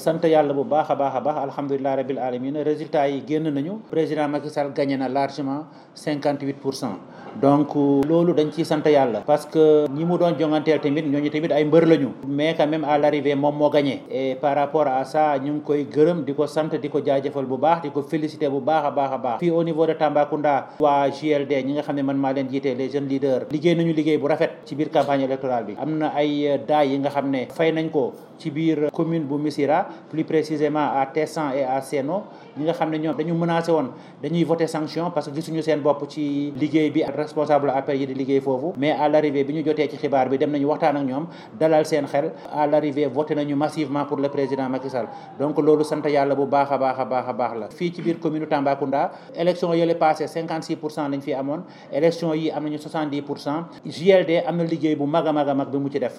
sant yàlla bu baax a baax a baax alhamdulilah rabil alamin résultat yi génn nañu président Macky Sall gagné na largement cinquante pour cent donc loolu dañ ciy sant yàlla parce que ñi mu doon jonganteel tamit ñooñu tamit ay mbër lañu mais quand même à l'arrivée moom moo gagné et par rapport à ça ñu ngi koy gërëm di ko sant di ko jaajëfal bu baax di ko féliciter bu baax a baax a baax fii au niveau de Tambacounda waa JLD ñi nga xam ne man maa leen jiite les jeunes leaders liggéey nañu liggéey bu rafet ci biir campagne électorale bi am na ay euh, daay yi nga xam ne fay nañ ko ci biir commune bu Missira plus précisément à Tessan à Seno ñi nga xam ne ñoom dañu menacé woon dañuy voter sanction parce que gisuñu seen bopp ci liggéey bi responsable APR yi di liggéey foofu mais à l'arrivée bi ñu jotee ci xibaar bi dem nañu waxtaan ak ñoom dalal seen xel à l'arrivée voté nañu massivement pour le président Macky donc loolu sant yàlla bu baax a baax la fii ci biir commune Tambacounda élection yële passé 56 lañ fi amoon élection yi am nañu 70 am na liggéey bu mag a mag bi mu ci def